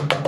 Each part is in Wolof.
Thank you.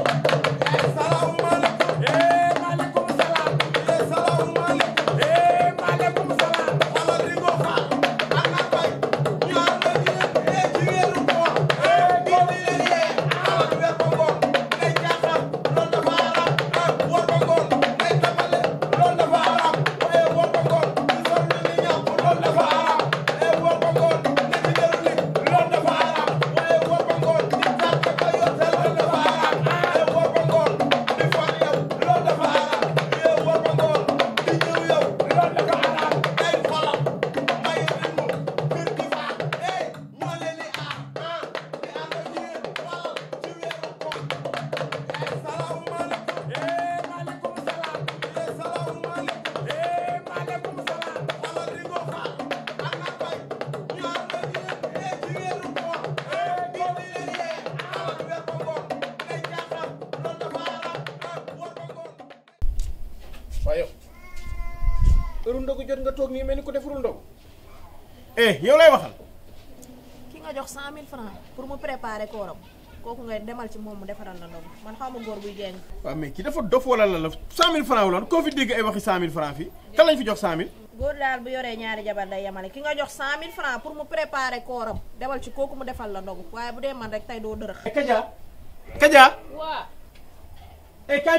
waaye heure ndogu jot nga toog nii mel ni ko defurul ndogu. eh yow lay waxal. ki nga jox cent mille francs pour mu préparer kooram kooku nga demal ci moom mu defaral la ndogu man xaw ma góor buy jeng. waaw mais ki dafa dof wala la la cent mille francs wala koo fi dégg ay waxi cent mille francs fii kan lañ fi jox cent mille. góor daal bu yoree ñaari jabar day yemale ki nga jox cent mille francs pour mu préparer kooram demal ci kooku mu defal la ndogu waaye bu dee man rek tey doo dërëx. Eh, Kaja Kaja. waaw. eh kaay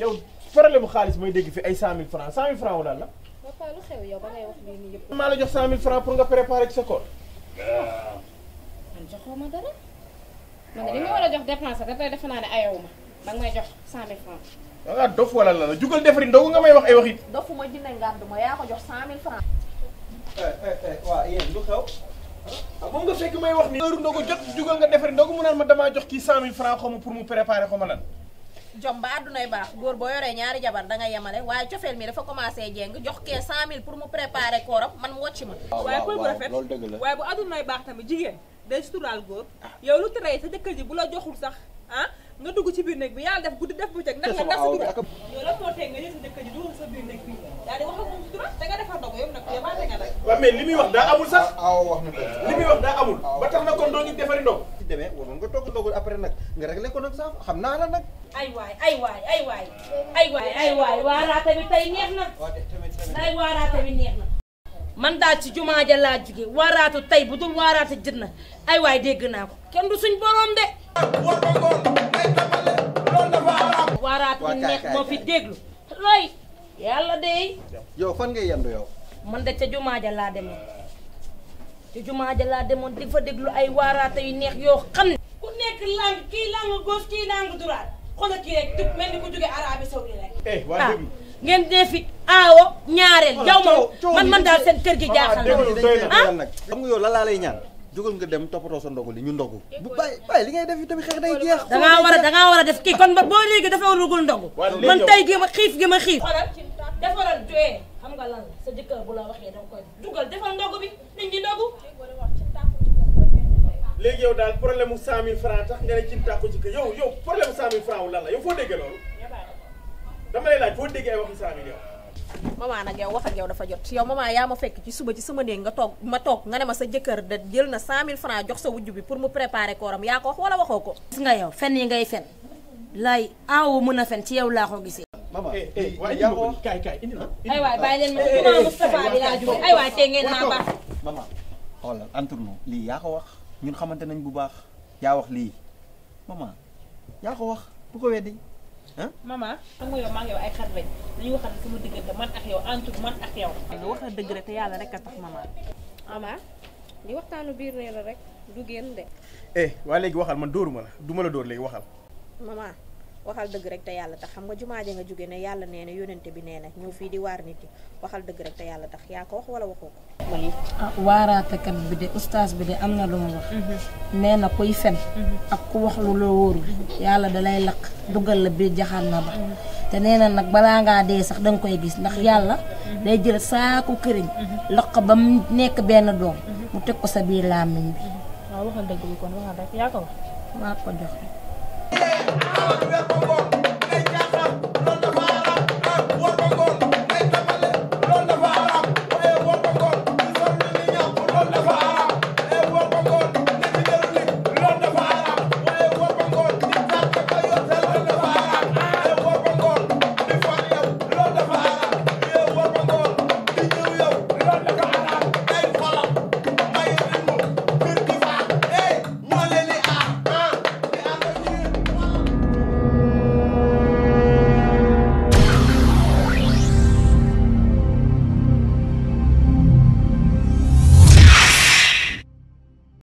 yow farale bu xaalis mooy dégg fi ay 100000 francs 100000 francs wala la. papa lu xew yow maa la jox 100000 francs pour nga préparer ci sa koor. Ah. man joxoo ma dara. man li ma war a jox dépense rek rek defe naa ne ayewu ma da nga may jox 100000 francs. da ngaa la jugal defari ndogu nga may wax ay wax it. dofu ma jënd ngàdd ma yaa ko jox 100000 francs. Eh, eh, eh, waaw yéen lu xew. ah moom nga fekk may wax ni heure ndogu jot jugal nga defari ndogu mu naan ma damaa jox kii 100000 francs xaw ma pour mu préparer xaw ma lan. jom ba àddunay baax góor boo yoree ñaari jabar da nga yemale waaye cofeel mi dafa commencé jéng jox kee mil pour mu préparer kooram man mu wocc ma. waaye pël bu rafet waaye bu àddunay baax tamit jigéen day suturaal góor ah. yow lu tere sa jëkkër ji bu la joxul sax ah nga dugg si biir néeg bi yàlla def guddi def bu cëg nga ndax si dugg nga da nga defar ndogu yow nag yow nag waaw mais li muy wax daa amul sax aw wax na amul ba tax na kon doo ñu defari ndogu ci demee waroon nga togg ndogu après nag nga réglé ko nag sax xam naa la nag ay waay ay waay ay waay bi tey neex na day waaraate bi neex na man daal ci jumaa ja laa jóge waaraatu tey bu dul waay dégg naa kenn du suñ boroom de moo fi déglu looy yàlla de laa demoon ca jumaa ja laa demoon di fa déglu ay waaraate yu neex yoo xam ne ku nekk lang kii lang gauche kii lang droite xoolal kii rek tëb mel ni ku jógee Arabie Saoudite rek. eh waa dégg ah, ngeen dee fi aawo ñaareel. jaw ma man man daal seen kër gi ah, jaaxal na ah xam nga yow lan laa lay ñaan. jógal nga dem toppatoo sa ndogu li ñu ndogu. bu bàyyi bàyyi li ngay def itam xeex day jeex. da ngaa war a da ngaa war a def kii kon boo léegi dafa warugul ndogu. man tey gi ma xiif gi ma xiif. xoolal defaral jooyee eh, xam nga lan la sa jëkkër bu la waxee da nga koy dugal defal bi léegi yow daal problème mu 100000 francs tax nga ne ci tàkku ci kër yow yow problème mu 100000 francs wu yow foo déggee loolu. dama laaj foo déggee ay waxi 100000 ak yow dafa jot yow maman yaa ma fekk ci suba ci sama néeg nga toog ma toog nga ne ma sa jëkkër da jël na 100000 francs jox sa wujj bi pour mu préparer kooram yaa ko wax wala ko. gis nga yow fen yi ngay fen lay aaw mën a fen ci yow laa ko gisee. maman eh, eh, ma ko eh, Moustapha bi laa jógee aywaay tey ngeen naa baax. maman xoolal entre nous lii yaa ko wax. ñun xamante nañ bu baax yaa wax lii maman yaa ko wax bu ko weddi ah. maman xam nga yow maa ngi yow ay xar lañ dañuy waxal sama diggante man ak yow entour man ak yow. nga wax dëgg rek te yàlla rek a tax maman. maman li waxtaanu biir nee la rek du génn de. eh waa léegi waxal man dóoruma la duma la dóor léegi waxal. maman. waxal dëgg rek te yàlla tax xam nga jumaa ja nga jóge ne yàlla nee na yónnente bi nee na ñëw fii di waar nit yi waxal dëgg rek te yàlla tax yaa ko wax wala waxoo ko. ah bi de ustaas bi de am na lu mu mhm. na kuy fen. Mhm. ku wax lu mhm. yàlla dalay lakk dugal la biir jaxaan na te nee na nag balaa ngaa dee sax danga koy gis ndax yàlla. day jël saako këriñ. lakk nekk benn doom. teg ko sa biir làmmiñ bi. ko wax. ko jox.